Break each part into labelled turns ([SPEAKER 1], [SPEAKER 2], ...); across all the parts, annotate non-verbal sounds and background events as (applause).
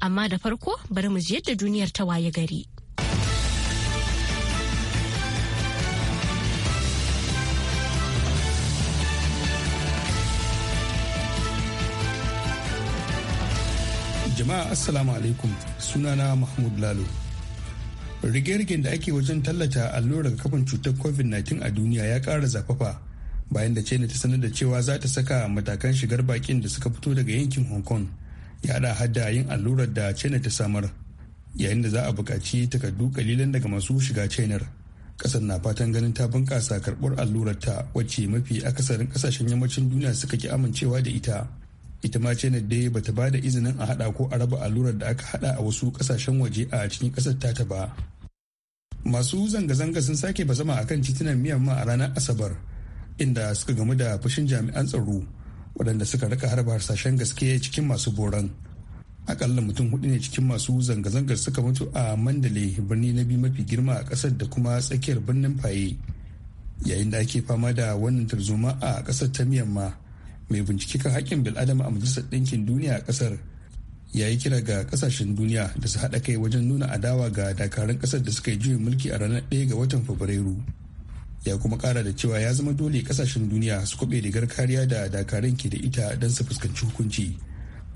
[SPEAKER 1] amma da farko bari mu ji yadda duniyar ta waye gari.
[SPEAKER 2] Jama'a Assalamu alaikum sunana Mahmud Lalo. Rige-rigen da ake wajen tallata allurar kafin cutar COVID-19 a duniya ya ƙara zafafa bayan da China ta sanar da cewa za ta saka matakan shigar bakin da suka fito daga yankin Hong Kong. ya da hada yin allurar da china ta samar yayin da za a buƙaci takardu kalilan daga masu shiga chinar ƙasar na fatan ganin ta bunƙasa karɓar allurar ta wacce mafi akasarin ƙasashen yammacin duniya suka ki amincewa da ita ita ma china dai bata ba da izinin a hada ko a raba allurar da aka hada a wasu ƙasashen waje a cikin ƙasar ta ba masu zanga-zanga sun sake bazama akan titunan miyamma a ranar asabar inda suka gamu da fushin jami'an tsaro waɗanda suka rika harba harsashen gaske cikin masu boran akalla mutum hudu ne cikin masu zanga-zangar suka mutu a mandale birni na biyu mafi girma a ƙasar da kuma tsakiyar birnin faye yayin da ake fama da wannan tarzoma a ƙasar ta miyamma mai bincike kan haƙƙin bil'adama a majalisar ɗinkin duniya a ƙasar ya yi kira ga ƙasashen duniya da su haɗa kai wajen nuna adawa ga dakarun ƙasar da suka yi juyin mulki a ranar 1 ga watan fabrairu ya kuma kara da cewa ya zama dole kasashen duniya su kube rigar kariya da dakarun ke da ita don su fuskanci hukunci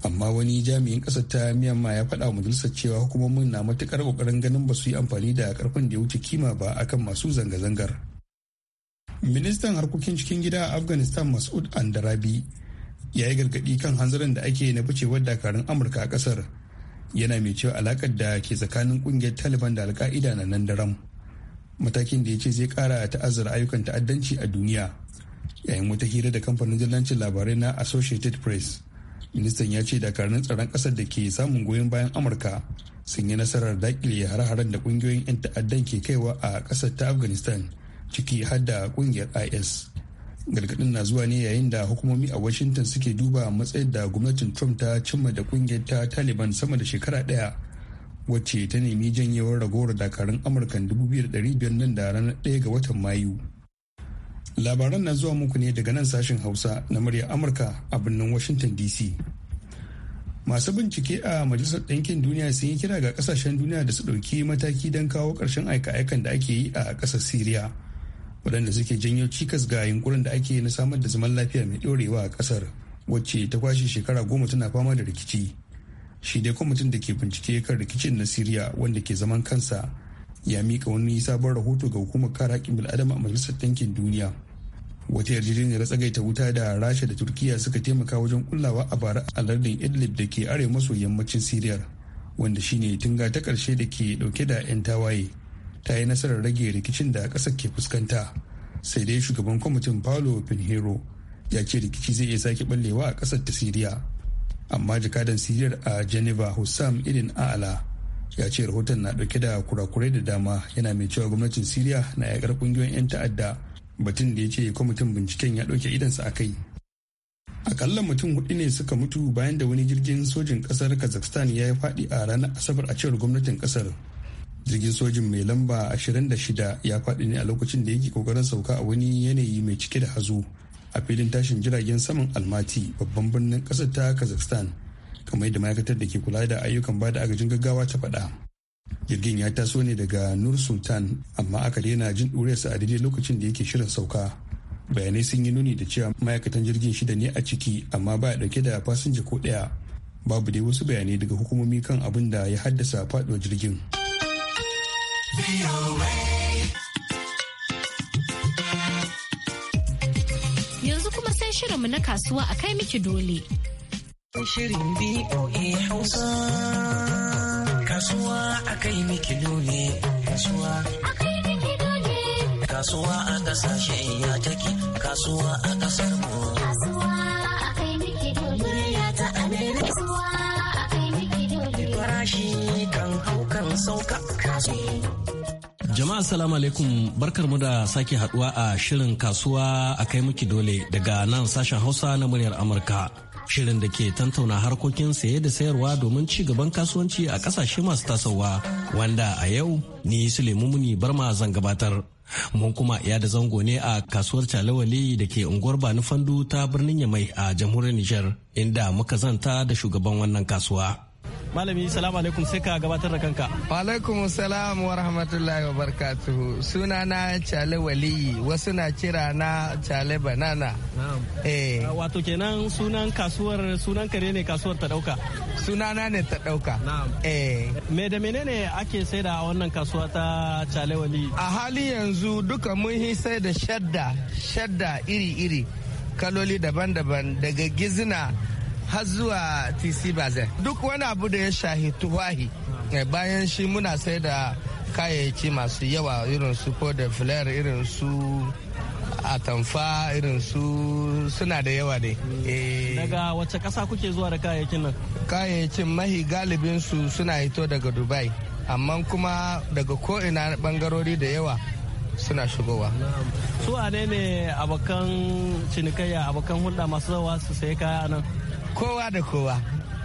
[SPEAKER 2] amma wani jami'in kasar ta miyamma ya faɗa wa majalisar cewa hukumomin na matukar kokarin ganin ba su yi amfani da karfin da ya wuce kima ba akan masu zanga-zangar ministan harkokin cikin gida a afghanistan masud andarabi ya yi gargaɗi kan hanzarin da ake na ficewar dakarun amurka a kasar yana mai cewa alakar da ke tsakanin ƙungiyar taliban da alka'ida na nan daram matakin da ya ce zai kara ta'azzara ayyukan ta'addanci a duniya yayin wata hira da kamfanin dillancin labarai na associated press ministan ya ce dakarun tsaron ƙasar da ke samun goyon bayan amurka sun yi nasarar dakile har haren da kungiyoyin 'yan ta'addan ke kaiwa a ƙasar ta afghanistan ciki har da kungiyar is gargadin na zuwa ne yayin da hukumomi a washington suke duba matsayin da gwamnatin trump ta cimma da kungiyar ta taliban sama da shekara ɗaya. wacce ta nemi janyewar ragowar dakarun amurkan 2,500 nan da ranar 1 ga watan mayu labaran na zuwa muku ne daga nan sashen hausa na murya amurka a birnin washington dc masu bincike a majalisar ɗinkin duniya sun yi kira ga ƙasashen duniya da su ɗauki mataki don kawo ƙarshen aika-aikan da ake yi a ƙasar siriya waɗanda suke janyo cikas ga yunkurin da ake na samar da zaman lafiya mai ɗorewa a ƙasar wacce ta kwashe shekara goma tana fama da rikici shi dai kwamitin da ke bincike kan rikicin na siriya wanda ke zaman kansa ya mika wani sabon rahoto ga hukumar kare haƙƙin bil'adama a majalisar ɗinkin duniya wata yarjejeniyar tsagaita wuta da rasha da turkiya suka taimaka wajen kullawa a bara a lardin idlib da ke arewa maso yammacin siriyar wanda shine tunga ta karshe da ke dauke da 'yan tawaye ta yi nasarar rage rikicin da ƙasar ke fuskanta sai dai shugaban kwamitin paulo pinheiro ya ce rikici zai iya sake ballewa a ƙasar ta siriya amma jakadan siriyar a geneva hussam irin a'ala ya ce rahoton na dauke da kurakurai da dama yana mai cewa gwamnatin siriya na yakar kungiyoyin 'yan ta'adda batun da ya ce kwamitin binciken ya dauke idansa a kai akalla mutum hudu ne suka mutu bayan da wani jirgin sojin kasar kazakhstan ya yi fadi a ranar asabar a cewar gwamnatin kasar jirgin sojin mai lamba 26 ya faɗi ne a lokacin da yake kokarin sauka a wani yanayi mai cike da hazo a filin tashin jiragen saman almati babban birnin kasar ta kazakhstan kamar yadda ma'aikatar da ke kula da ayyukan ba da agajin gaggawa ta faɗa jirgin ya taso ne daga nur sultan amma aka daina jin ɗuriyarsa a daidai lokacin da yake shirin sauka bayanai sun yi nuni da cewa ma'aikatan jirgin shida ne a ciki amma ba ɗauke da fasinja ko ɗaya babu dai wasu bayanai daga hukumomi kan abin da ya haddasa faɗuwar jirgin.
[SPEAKER 1] shirinmu na kasuwa a kai miki dole.
[SPEAKER 3] kasuwa a kai miki dole kasuwa a kasashe ya take kasuwa a kasar mu
[SPEAKER 1] kasuwa a kai miki dole ya ta amerika kasuwa a kai miki
[SPEAKER 3] dole farashi kan hau kan sauka kasuwa
[SPEAKER 4] Jama'a salamu alaikum barkar mu da sake haduwa a shirin kasuwa a kai miki dole daga nan sashen Hausa na muryar Amurka. Shirin da ke tantauna harkokin saye da sayarwa domin ci gaban kasuwanci a kasashe masu tasowa wanda a yau ni Suleiman Muni Barma zan gabatar. mun kuma ya da zango ne a kasuwar talawali da ke unguwar bani fandu ta birnin yamai a jamhuriyar nijar inda muka zanta da shugaban wannan kasuwa malami salamu alaikum sai ka gabatar da kanka
[SPEAKER 5] alaikum salam wa rahmatullahi wa barakatuhu suna na chale waliyi wasu na kira na chale banana
[SPEAKER 4] eh ah, wato kenan sunan kasuwar sunan kare ne kasuwar ta dauka sunana ne ta dauka eh me da menene ake saida a wannan kasuwa ta chale waliyi a hali
[SPEAKER 5] yanzu duka mun yi sai da shadda shadda iri iri kaloli daban-daban daga gizina har zuwa tc Bazen. duk wani abu da ya shahi tuwahi eh, bayan shi muna sai da kayayyaki masu yawa irin su ko da flair irin su atamfa irin su suna da yawa ne eh, daga wacce kasa kuke zuwa da kayayyakin nan kayayyakin mahi galibin su suna hito daga dubai amma kuma daga ko'ina bangarori da yawa suna shigowa.
[SPEAKER 4] su a ne abokan cinikayya abokan hulɗa masu zawa su sayi kaya nan kowa da kowa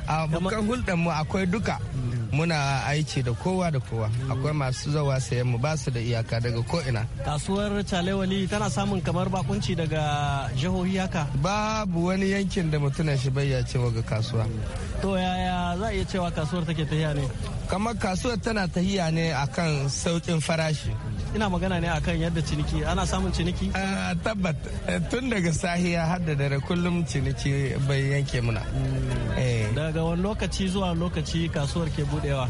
[SPEAKER 4] abokan hulɗar mu akwai
[SPEAKER 5] duka muna aiki da kowa da kowa akwai masu zawa sayan mu basu da iyaka daga
[SPEAKER 4] ko'ina kasuwar chalewali tana samun kamar bakunci daga jihohi haka babu wani yankin da mutunan shi bayya cewa ga kasuwa to yaya za a iya cewa kasuwar
[SPEAKER 5] take tahiya ne kamar kasuwar tana tahiya ne akan saukin farashi ina magana ne akan yadda ciniki ana samun ciniki ah, tabbat eh, tun daga sahiya har da dare kullum ciniki bai yanke muna
[SPEAKER 4] hmm. eh. daga wani lokaci zuwa lokaci
[SPEAKER 5] kasuwar ke budewa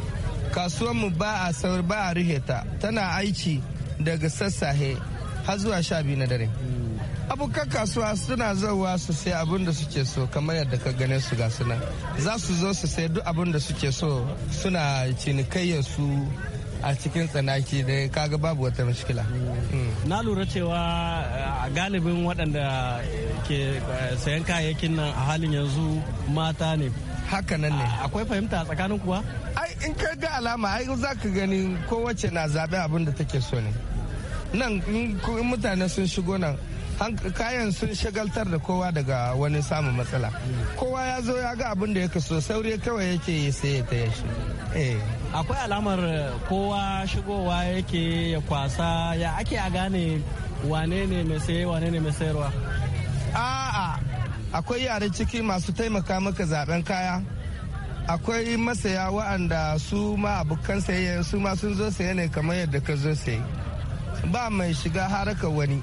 [SPEAKER 5] kasuwar mu ba a saur ba a rufe ta tana aiki daga sassahe har zuwa sha biyu na dare hmm. abokan kasuwa suna zauwa su sai abin da suke so kamar yadda ka gane su ga suna za su zo su sai duk abin da suke so suna cinikayyar su a cikin tsanaki da kaga babu wata mashikila.
[SPEAKER 4] Hmm. na lura cewa eh, galibin waɗanda eh, ke eh, sayan kayayyakin nan a halin yanzu mata ne haka nan ne akwai fahimta tsakanin
[SPEAKER 5] kuwa ai in ka ga alama ai za ka gani kowace na zaɓe abin da take so ne nan in mutane sun shigo nan kayan sun shagaltar da kowa
[SPEAKER 4] daga wani samun matsala
[SPEAKER 5] kowa ya zo ya ga abin da ya kaso sauri kawai yake sai ya taya
[SPEAKER 4] shi eh. akwai alamar eh, kowa shigowa yake ya kwasa ya ake a gane wane ne mai saye wane ne mai sayarwa
[SPEAKER 5] a'a akwai yare ciki masu taimaka maka zaben kaya akwai masaya wa'anda su ma abokan saye su ma sun zo saye ne kamar yadda ka zo saye ba mai shiga haraka wani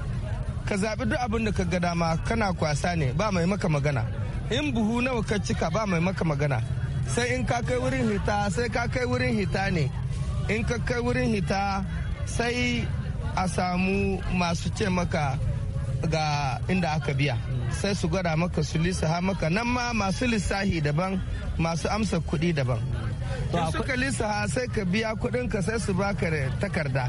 [SPEAKER 5] ka zaɓi duk abin da ka ga dama kana kwasa ne ba mai maka magana in buhu nawa ka cika ba mai maka magana sai in ka kai wurin hita sai ka kai wurin hita ne in ka kai wurin hita sai a samu masu ce maka ga inda aka biya sai su gwada maka su lissaha maka nan ma masu lissahi daban masu amsa kuɗi daban to suka lissa sai ka biya kudin ka sai su baka takarda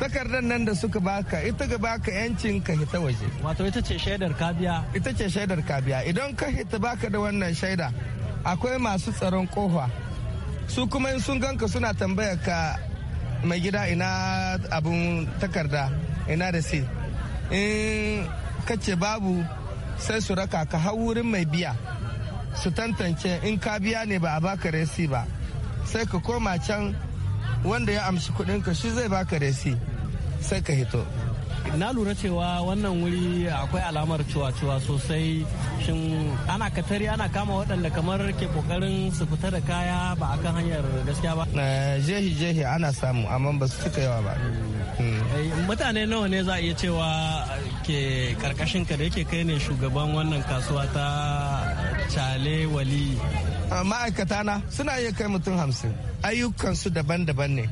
[SPEAKER 5] takardar nan da suka baka ita ga baka yancin ka hita waje
[SPEAKER 4] wato ita ce shaidar ka biya ita ce shaidar
[SPEAKER 5] ka biya idan ka hita baka da wannan shaida akwai masu tsaron kofa su kuma in sun ganka suna tambaya ka mai gida ina abun takarda ina da si in ka ce babu sai su raka ka hau wurin mai biya su tantance in ka biya ne ba a baka resi ba sai ka koma can wanda ya amshi kuɗinka shi zai baka resi sai ka hito
[SPEAKER 4] na lura cewa wannan wuri akwai alamar cewa-cewa sosai shin ana katari ana kama waɗanda kamar ke kokarin su fita da kaya ba a kan hanyar gaskiya ba
[SPEAKER 5] eh, jehi jehi ana samu amma ba su cika yawa ba hmm.
[SPEAKER 4] eh, mutane nawa ne za a iya cewa ke karkashin ka da yake kai ne shugaban wannan kasuwa ta chale wali
[SPEAKER 5] ma'aikata na suna iya kai mutum hamsin ayyukansu daban-daban ne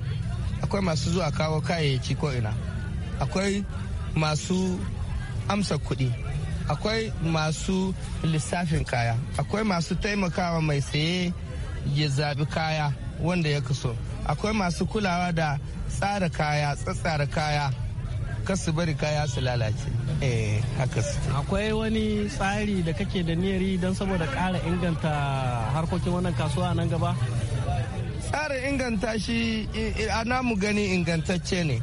[SPEAKER 5] akwai masu zuwa kawo kayayyaki ko ina akwai masu amsa kuɗi akwai masu lissafin kaya akwai masu taimakawa mai saye ya zaɓi kaya wanda ya kaso akwai masu kulawa da tsara kaya tsatsara kaya
[SPEAKER 4] kar su bari kaya su lalace
[SPEAKER 5] eh haka su
[SPEAKER 4] akwai wani tsari da kake da niyyar don saboda ƙara inganta harkokin wannan kasuwa nan gaba
[SPEAKER 5] tsarin inganta shi a namu gani ingantacce ne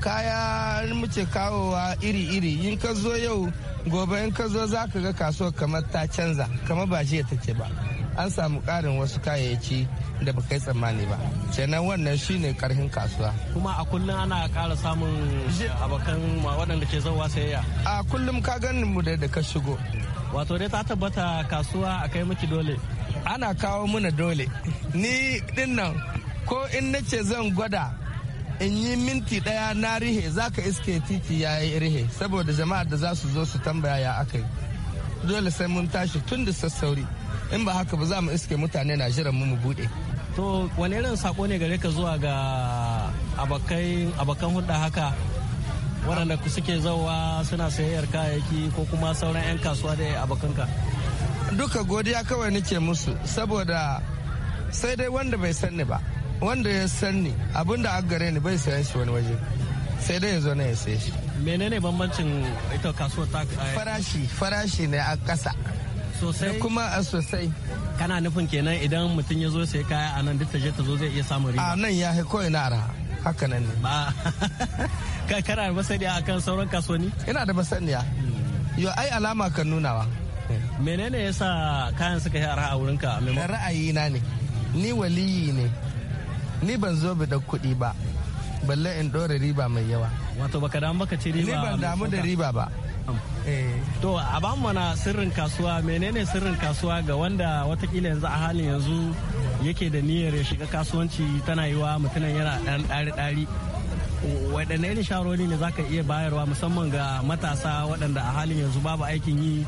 [SPEAKER 5] kaya muke kawowa iri-iri in ka zo yau gobe in ka zo za ka ga kasuwa kamar ta canza kamar ba ya take ba an samu ƙarin wasu kayayyaki da ba kai tsammani ba kenan wannan shine karhin kasuwa
[SPEAKER 4] kuma a kullum ana ƙara samun abokan waɗanda ke zauwa sayayya
[SPEAKER 5] a kullum ka ganin mu da ka shigo wato dai ta tabbata kasuwa a kai miki dole ana kawo mana dole ni din nan ko in nace zan gwada in yi minti daya na rihe za ka iske titi ya yi rihe saboda jama'ar da za su zo su tambaya ya aka yi dole sai mun tashi tun da sassauri in ba haka ba za mu iske mutane na jiran mu mu bude
[SPEAKER 4] to wani irin sako ne gare ka zuwa ga abakan hudda haka waɗanda suke zauwa suna sayayyar kayayyaki ko kuma sauran 'yan kasuwa da abokanka duka godiya kawai nake musu saboda sai dai wanda
[SPEAKER 5] bai sanni ba wanda ya sanni abinda a gare ni bai sayan shi wani waje sai dai ya zo na ya sayi shi
[SPEAKER 4] menene bambancin ita kasuwar ta eh, farashi farashi ne a ƙasa sosai kuma a sosai kana nufin kenan idan mutum ya zo sai kaya a nan duk ta je ta zo zai iya samun riba a nan ya
[SPEAKER 5] ko ina ara haka nan ne
[SPEAKER 4] ba (laughs) kana da masaniya akan sauran kasuwanni ina da masaniya hmm. yo ai alama kan nunawa menene yasa kayan suka yi ara a wurin ka ra'ayi na ne ni waliyi
[SPEAKER 5] ne ni ban zo bi da kuɗi ba balle in ɗora riba mai yawa
[SPEAKER 4] wato baka damu baka ci riba ban damu da riba ba eh. to a ba mana sirrin kasuwa menene sirrin kasuwa ga wanda watakila yanzu a halin yanzu yake da niyyar ya shiga kasuwanci tana yiwa mutumin yana ɗan ɗari-ɗari waɗanne ne sharoni ne zaka iya bayarwa musamman ga matasa waɗanda a halin yanzu babu aikin yi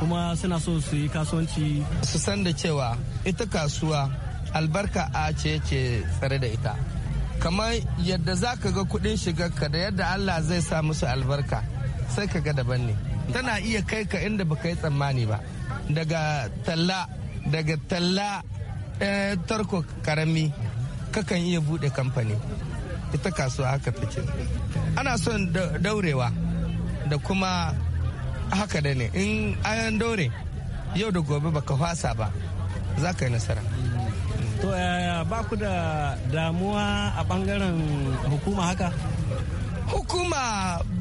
[SPEAKER 4] kuma suna so su yi kasuwanci su san da cewa ita kasuwa albarka a
[SPEAKER 5] ce ce tsare da ita kamar yadda za ka ga kuɗin shigarka da yadda Allah zai sa musu albarka sai ka ga daban ne tana iya kai ka inda baka yi tsammani ba daga talla daga talla eh, tarko karami kakan iya bude kamfani ita kasuwa haka take ana son daurewa da kuma haka da ne in an daure yau da gobe baka fasa ba za ka yi nasara to ba ku da damuwa a bangaren hukuma haka hukuma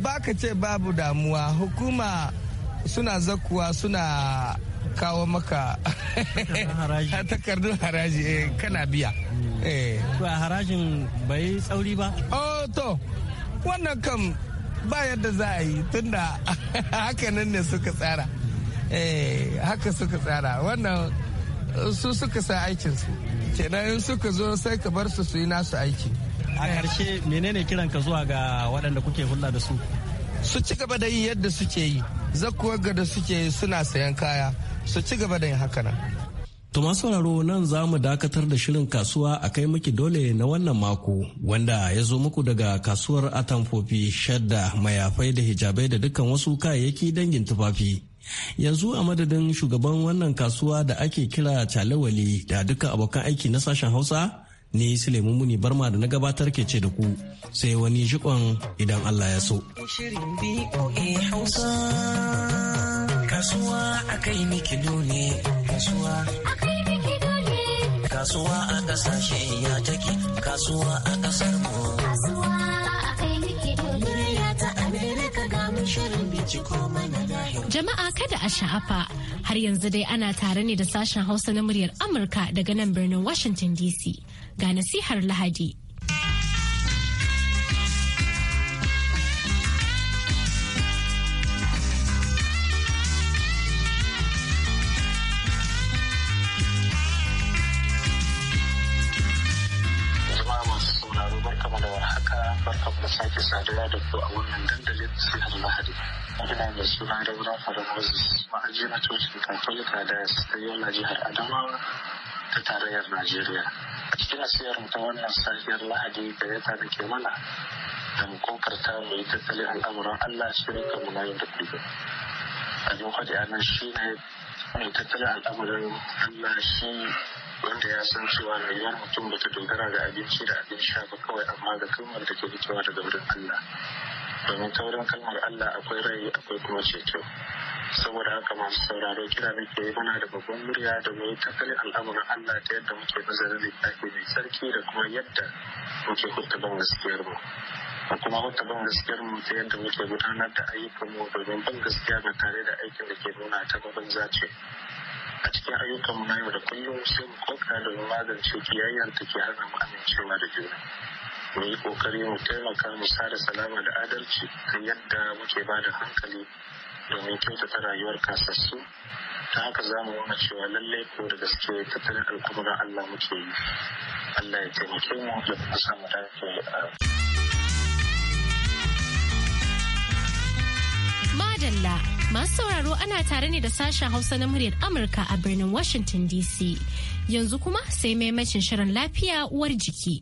[SPEAKER 5] ba ka ce babu damuwa hukuma suna zakuwa suna kawo maka takardun (laughs) haraji eh, kana biya hmm. eh. to a harajin bai tsauri ba oh to wannan kam ba yadda za a yi tunda (laughs) haka nan ne suka tsara eh, haka suka tsara wannan su suka sa aikinsu kenan in suka zo sai ka bar su su yi nasu aiki
[SPEAKER 4] a ƙarshe menene kiran ka zuwa ga waɗanda kuke hulɗa da su
[SPEAKER 5] su ci gaba da yi yadda suke yi ku ga da suke yi suna sayan kaya su ci gaba da yin haka nan
[SPEAKER 4] To masu sauraro nan za mu dakatar da shirin kasuwa a kai miki dole na wannan mako wanda ya zo muku daga kasuwar atamfofi shadda mayafai da hijabai da dukkan wasu kayayyaki dangin tufafi yanzu a madadin shugaban wannan kasuwa da ake kira calawali da dukkan abokan aiki na sashen hausa ni Suleiman Muni Barma da na gabatar ke ce da ku sai wani jikon idan Allah ya so.
[SPEAKER 3] Kasuwa a
[SPEAKER 4] kai ne, kasuwa a kasashe ya take, kasuwa a kasar mu.
[SPEAKER 1] Kasuwa a kai ya ta Amerika ga mun shirin bici komai. Jama'a kada a sha'afa har yanzu dai ana tare ne da sashen Hausa na muryar Amurka daga nan birnin Washington DC ga nasihar Lahadi.
[SPEAKER 6] barkamu da warhaka barkamu da sake saduwa da ku a wannan dandalin sihar lahadi ina mai suna Reverend Father Moses ma'aji na cocin Katolika da ta Yola jihar Adamawa ta tarayyar Najeriya. A cikin asiyar ta wannan safiyar Lahadi da ya da ke mana da mu kokarta mu yi tattalin al'amuran Allah shirin ka mu na da da kullum. Abin kwaɗi a nan shi ne mai tattalin al'amuran Allah shi wanda ya san cewa rayuwar mutum ba ta dogara ga abinci da abin sha ba kawai amma ga kalmar da ke fitowa daga wurin Allah. domin taurin kalmar Allah akwai rai akwai kuma ceto saboda haka masu sauraro kira muke yi muna da babban murya da mu ta kalli al'amuran Allah ta yadda muke nazarin littafi mai sarki da kuma yadda muke ban gaskiyar mu a kuma ban gaskiyar mu ta yadda muke gudanar da ayyukan mu domin ban gaskiya ba tare da aikin da ke nuna ta babban zace a cikin ayyukan mu na yau da kullum sai mu koka domin magance kiyayyar ta ke hana mu amincewa da juna. mu yi kokari mu taimaka mu sada salama da adalci kan yadda muke ba da hankali domin kyautata rayuwar kasassu ta haka za mu wani cewa lallai ko da gaske tattalin alkumuran Allah muke yi Allah ya taimake mu da kuma samu dace
[SPEAKER 1] Madalla masu sauraro ana tare ne da sashen Hausa na muryar Amurka a birnin Washington DC yanzu kuma sai maimacin shirin lafiya uwar jiki.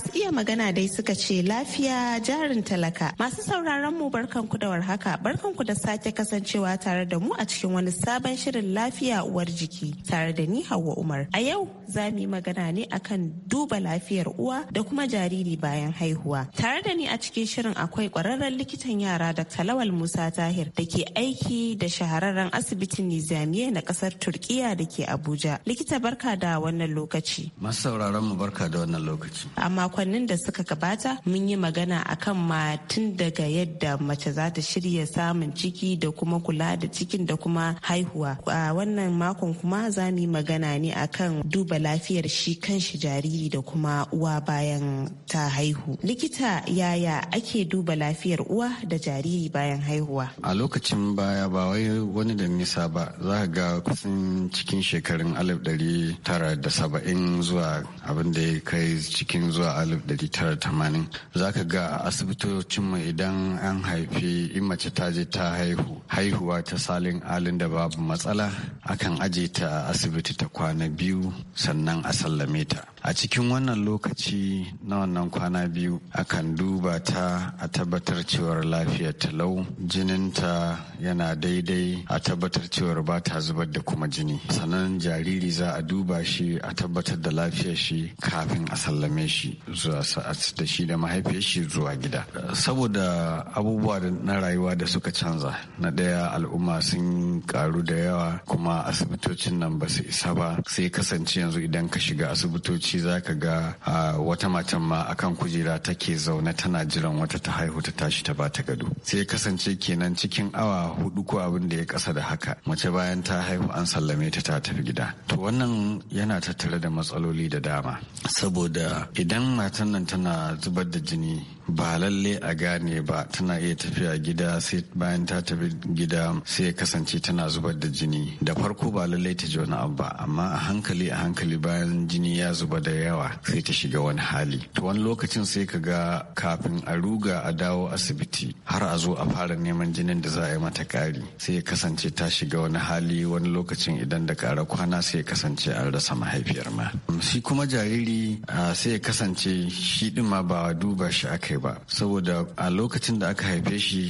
[SPEAKER 3] iya magana dai suka ce lafiya jarin talaka. Masu sauraron mu barkanku da warhaka, barkanku da sake kasancewa tare da mu a cikin wani sabon shirin lafiya uwar jiki tare da ni Hauwa Umar. A yau za mu yi magana ne akan duba lafiyar uwa da kuma jariri bayan haihuwa. Tare da ni a cikin shirin akwai kwararren likitan yara da Talawal Musa Tahir da ke aiki da shahararren asibitin Nizamiya na kasar Turkiya da ke Abuja. Likita barka da wannan lokaci.
[SPEAKER 7] Masu sauraron mu barka da wannan lokaci.
[SPEAKER 3] A makonnin da suka gabata mun yi magana akan matun daga yadda mace za ta shirya samun ciki da kuma kula da cikin da kuma haihuwa a wannan makon kuma za mu yi magana ne akan duba lafiyar shi kan shi jariri da kuma uwa bayan ta haihu likita yaya ake duba lafiyar uwa da jariri bayan haihuwa
[SPEAKER 7] a lokacin baya ba wai wani da nisa ba za ga kusan cikin shekarun alif ɗari tara da saba'in zuwa abin da ya kai cikin zuwa alif 1980 zaka ga asibitocinmu idan an haifi in mace ta je ta haihu haihuwa ta salin alin da babu matsala akan aje ta asibiti ta kwana biyu sannan a sallame ta a cikin wannan lokaci na wannan kwana biyu akan duba ta a tabbatar cewar lafiyar talau jininta yana daidai a tabbatar cewar ba ta zubar da kuma jini sannan jariri za a duba shi a tabbatar da lafiyar shi kafin a sallame shi da shi da mahaifiyar shi zuwa gida saboda abubuwa na rayuwa da suka canza na ɗaya al'umma sun karu da yawa kuma asibitocin nan ba su isa ba sai kasance yanzu idan ka shiga asibitoci za ka ga wata matan ma akan kujera take zaune tana jiran wata ta haihu ta tashi ta bata gado sai kasance kenan cikin awa hudu ko abin da ya kasa da haka mace bayan ta haihu an sallame ta ta tafi gida to wannan yana tattare da matsaloli da dama saboda idan mata matan nan tana zubar da jini ba lalle a gane ba tana iya tafiya gida sai bayan ta tafi gida sai ya kasance tana zubar da jini da farko ba lalle ta ji wani abu ba amma a hankali a hankali bayan jini ya zuba da yawa sai ta shiga wani hali to wani lokacin sai ka ga kafin a ruga a dawo asibiti har a zo a fara neman jinin da za a yi mata kari sai ya kasance ta shiga wani hali wani lokacin idan da kara kwana sai ya kasance an rasa mahaifiyar ma shi kuma jariri ah, sai ya kasance shi shi din ma ba duba shi akai ba saboda a lokacin da aka haife shi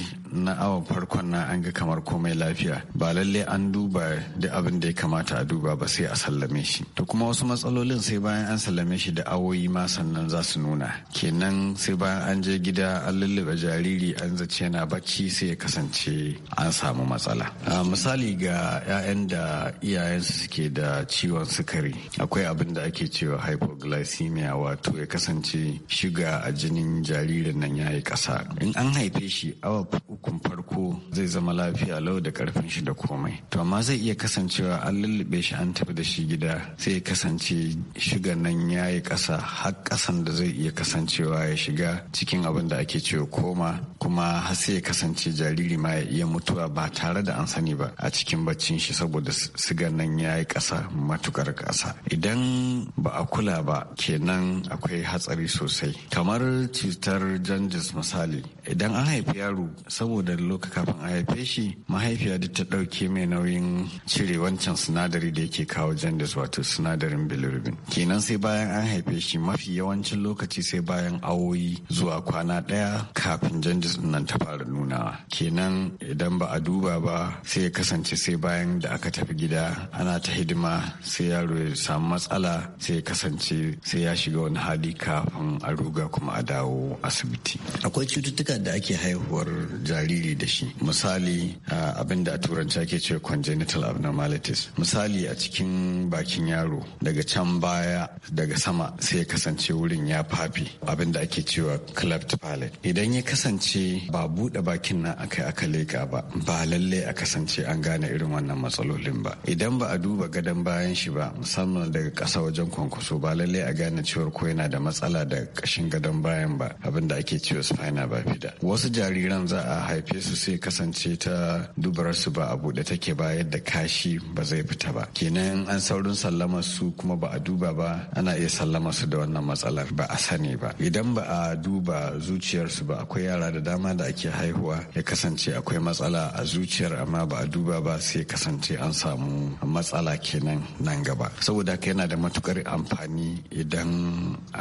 [SPEAKER 7] na awon farkon na an ga kamar komai lafiya ba lalle an duba da abin da ya kamata a duba ba sai a sallame shi to kuma wasu matsalolin sai bayan an sallame shi da awoyi ma sannan za su nuna kenan sai bayan an je gida an lullube jariri an zace yana bacci sai ya kasance an samu matsala misali ga 'ya'yan da iyayensu suke da ciwon sukari akwai abin da ake cewa hypoglycemia wato ya kasance kasance shiga a jinin jaririn nan ya yi ƙasa in an haife shi awa ukun farko zai zama lafiya lau da karfin shi da komai to amma zai iya kasancewa an lullube shi an tafi da shi gida sai ya kasance shiga nan ya yi ƙasa har ƙasan da zai iya kasancewa ya shiga cikin abin da ake cewa koma kuma har sai ya kasance jariri ma ya iya mutuwa ba tare da an sani ba a cikin baccin shi saboda sigan nan ya yi ƙasa matukar ƙasa idan ba a kula ba kenan akwai hatsa hatsari sosai kamar cutar janjis misali idan an haifi yaro saboda loka kafin a haife shi mahaifiya duk ta ɗauke mai nauyin cire wancan sinadari da yake kawo janjis wato sinadarin bilirubin kenan sai bayan an haife shi mafi yawancin lokaci sai bayan awoyi zuwa kwana ɗaya kafin janjis nan ta fara nuna kenan idan ba a duba ba sai ya kasance sai bayan da aka tafi gida ana ta hidima sai yaro ya samu matsala sai ya kasance sai ya shiga wani hali ka kafin a ruga kuma a dawo asibiti akwai cututtuka da ake haihuwar jariri da shi misali abin da a turanci ake ce congenital abnormalities misali a cikin bakin yaro daga can baya daga sama sai ya kasance wurin ya fafi abin da ake cewa cleft palate idan ya kasance ba buɗe bakin nan akai aka leka ba ba lalle a kasance an gane irin wannan matsalolin ba idan ba a duba gadon bayan shi ba musamman daga ƙasa wajen kwankwaso ba lalle a gane cewar ko yana da matsala wahala da kashin gadon bayan ba abin da ake cewa spina bifida wasu jariran za a haife su sai kasance ta dubarar su ba a buɗe take ba yadda kashi ba zai fita ba kenan an saurin sallamar su kuma ba a duba ba ana iya sallamar su da wannan matsalar ba a sani ba idan ba a duba zuciyar su ba akwai yara da dama da ake haihuwa ya kasance akwai matsala a zuciyar amma ba a duba ba sai kasance an samu matsala kenan nan gaba saboda haka yana da matukar amfani idan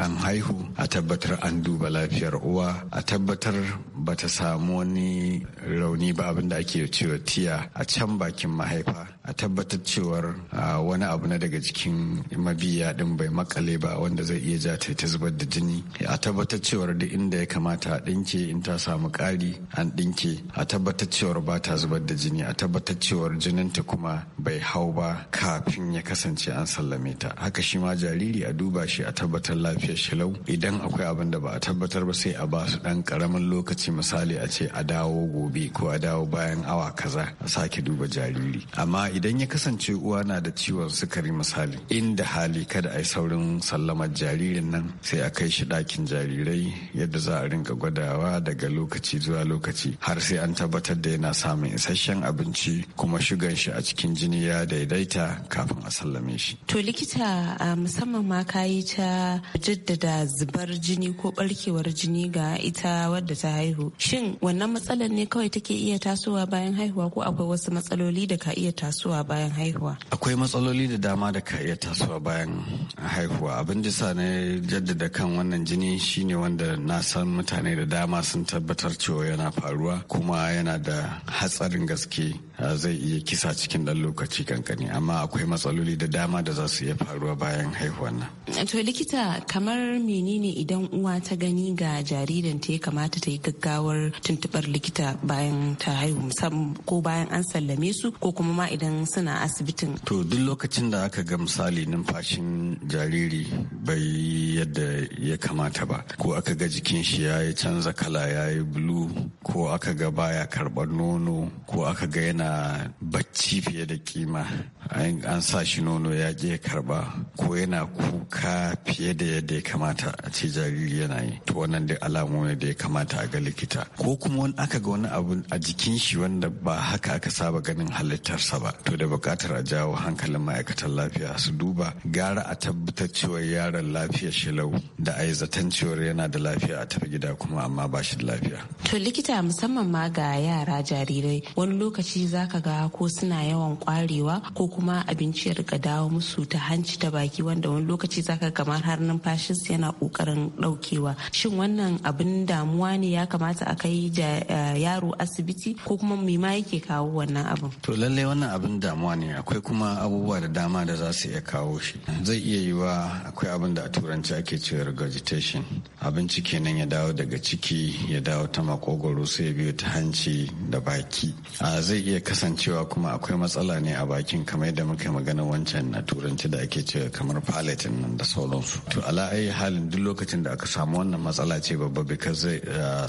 [SPEAKER 7] an haihu haihu a tabbatar an duba lafiyar uwa a tabbatar bata samu wani rauni ba abin da ake cewa tiya a can bakin mahaifa a tabbatar cewar wani abu na daga cikin mabiya din bai makale ba wanda zai iya ja ta zubar da jini a tabbatar cewar duk inda ya kamata a dinke in ta samu kari an dinke. a tabbatar cewar ba ta zubar da jini a tabbatar cewar jinin ta kuma bai hau ba kafin ya kasance an sallame ta haka shi ma jariri a duba shi a tabbatar lafiyar shi lau idan akwai abin da ba a tabbatar ba sai a ba su ɗan karamin lokaci misali a ce a dawo gobe ko a dawo bayan awa kaza a sake duba jariri amma idan ya kasance uwa na da ciwon sukari misali inda hali kada a yi saurin sallamar jaririn nan sai a kai shi ɗakin jarirai yadda za a rinka gwadawa daga lokaci zuwa lokaci har sai an tabbatar da yana samun isasshen abinci kuma shugan shi a cikin jini ya daidaita kafin a sallame shi.
[SPEAKER 3] To likita musamman ma ka yi ta jaddada zubar jini ko barkewar jini ga ita wadda ta haihu. Shin wannan matsalar ne kawai take iya tasowa bayan haihuwa ko akwai wasu matsaloli da ka iya tasowa? tasowa bayan haihuwa?
[SPEAKER 7] Akwai matsaloli da dama da ka iya tasowa bayan haihuwa. Abin da sa na jaddada kan wannan jini shine wanda na san mutane da dama sun tabbatar cewa yana faruwa kuma yana da hatsarin gaske zai iya kisa cikin ɗan lokaci kankani amma akwai matsaloli da dama da za su iya faruwa bayan haihuwa nan.
[SPEAKER 3] To likita kamar menene idan uwa ta gani ga ta ya kamata ta yi gaggawar tuntubar likita bayan ta haihu ko bayan an sallame su ko kuma ma idan bayan suna asibitin.
[SPEAKER 7] To duk lokacin da aka ga misali numfashin jariri bai yadda ya kamata ba ko aka ga jikin shi ya yi canza kala ya yi bulu ko aka ga baya karbar nono ko aka ga yana bacci fiye da kima an sa shi nono ya je karɓa ko yana kuka fiye da yadda ya kamata a ce jariri yana yi to wannan da alamu da ya kamata a ga likita ko kuma wani aka ga wani abu a jikin shi wanda ba haka aka saba ganin halittarsa ba to da bukatar a jawo hankalin ma'aikatan lafiya su duba gara a tabbatar cewa yaron lafiya shi da a yi zaton cewar yana da lafiya a tafi gida kuma amma ba shi da lafiya.
[SPEAKER 3] To likita musamman ma ga yara jarirai wani lokaci za ka ga ko suna yawan kwarewa ko kuma abinci ya rika dawo musu ta hanci ta baki wanda wani lokaci za ka kamar har numfashinsu yana kokarin ɗaukewa Shin wannan abin damuwa ne ya kamata a kai eh, yaro asibiti ko kuma me ma yake kawo wannan abin?
[SPEAKER 7] To lallai wannan abin abin damuwa ne akwai kuma abubuwa da dama da za su iya kawo shi zai iya yiwa akwai abin da a turanci ake cewa regurgitation abinci kenan ya dawo daga ciki ya dawo ta makogwaro sai ya biyo ta hanci da baki a zai iya kasancewa kuma akwai matsala ne a bakin kamar yadda muka magana wancan a turanci da ake cewa kamar palatin nan da sauransu to ala ai halin duk lokacin da aka samu wannan matsala ce babba because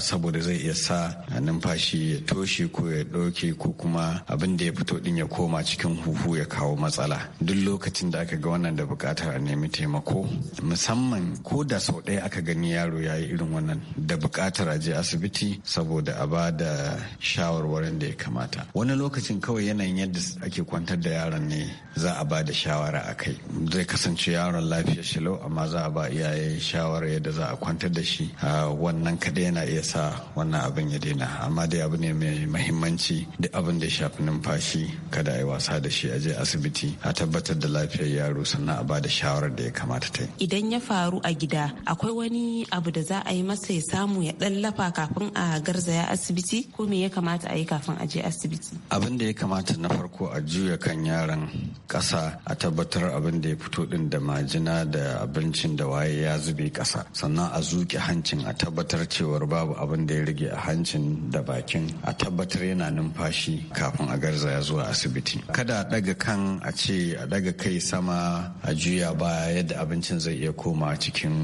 [SPEAKER 7] saboda zai iya sa numfashi ya toshe ko ya ɗauke ko kuma abin da ya fito din ya koma koma cikin huhu ya kawo matsala duk lokacin da aka ga wannan da bukatar a nemi taimako musamman ko da sau ɗaya aka gani yaro ya yi irin wannan da bukatar a je asibiti saboda a ba da shawarwarin da ya kamata wani lokacin kawai yanayin yadda ake kwantar da yaron ne za a ba da shawara a kai zai kasance yaron lafiya shilo amma za a ba iyaye shawara yadda za a kwantar da shi wannan kaɗai yana iya sa wannan abin ya daina amma dai abu ne mai mahimmanci da abin da ya shafi numfashi kada yi wasa da shi aje asibiti a tabbatar da lafiyar yaro sannan a bada shawarar da ya kamata ta yi.
[SPEAKER 3] Idan ya faru a gida akwai wani abu da za a yi masa ya samu ya lallafa kafin a garzaya asibiti ko me ya kamata a yi kafin a je asibiti?
[SPEAKER 7] Abin da ya kamata na farko a juya kan yaron ƙasa a tabbatar abin da ya fito din da majina da abincin da waye ya zube ƙasa sannan a zuke hancin a tabbatar cewar babu abin da ya rage a hancin da bakin a tabbatar yana numfashi kafin a garzaya zuwa asibiti. kada a daga kan a ce a daga kai sama a juya ba yadda abincin zai iya koma cikin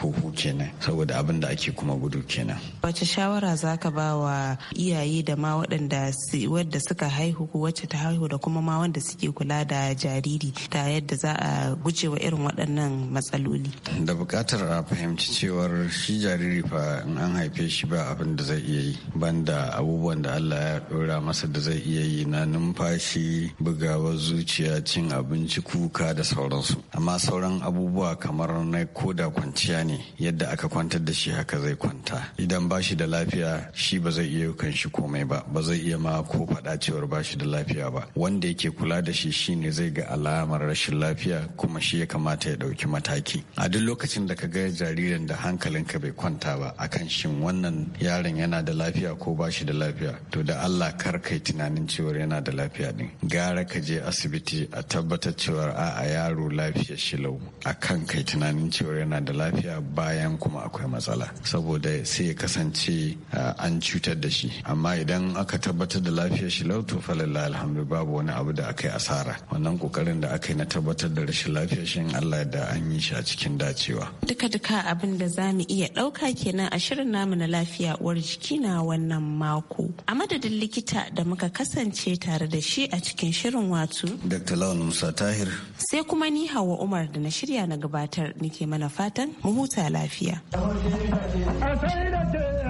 [SPEAKER 7] huhu kenan saboda abin da ake kuma gudu kenan
[SPEAKER 3] wace shawara za ka ba wa iyaye da ma waɗanda wadda suka haihu ko wacce ta haihu da kuma ma wanda suke kula da jariri ta yadda za a guje wa irin waɗannan matsaloli
[SPEAKER 7] da buƙatar a fahimci cewar shi jariri fa in an haife shi ba abin da zai iya yi banda abubuwan da Allah ya ɗora masa da zai iya yi na numfashi numfashi bugawar zuciya cin abinci kuka da sauransu amma sauran abubuwa kamar na koda kwanciya ne yadda aka kwantar da shi haka zai kwanta idan ba shi da lafiya shi ba zai iya kan shi komai ba ba zai iya ma ko faɗa cewar ba shi da lafiya ba wanda yake kula da shi shine zai ga alamar rashin lafiya kuma shi ya kamata ya ɗauki mataki a duk lokacin da ka ga jaririn da hankalinka bai kwanta ba akan shin wannan yaron yana da lafiya ko ba shi da lafiya to da Allah kar kai tunanin cewar yana da lafiya din din gara ka je asibiti a tabbatar cewar a a yaro lafiya shilau a kan kai tunanin cewar yana da lafiya bayan kuma akwai matsala saboda sai ya kasance an cutar da shi amma idan aka tabbatar da lafiyar shilau to falalla alhamdu babu wani abu da aka yi asara wannan kokarin da aka yi na tabbatar da rashin lafiyar shi Allah da an yi shi a cikin dacewa
[SPEAKER 3] duka duka abin da za mu iya ɗauka kenan a shirin namu na lafiya uwar jiki na wannan mako a madadin likita da muka kasance tare da shi a cikin shirin watu.
[SPEAKER 7] Dr. Lawan Musa Tahir.
[SPEAKER 3] Sai kuma ni Hawa Umar da na shirya na gabatar nike mana fatan mu huta lafiya.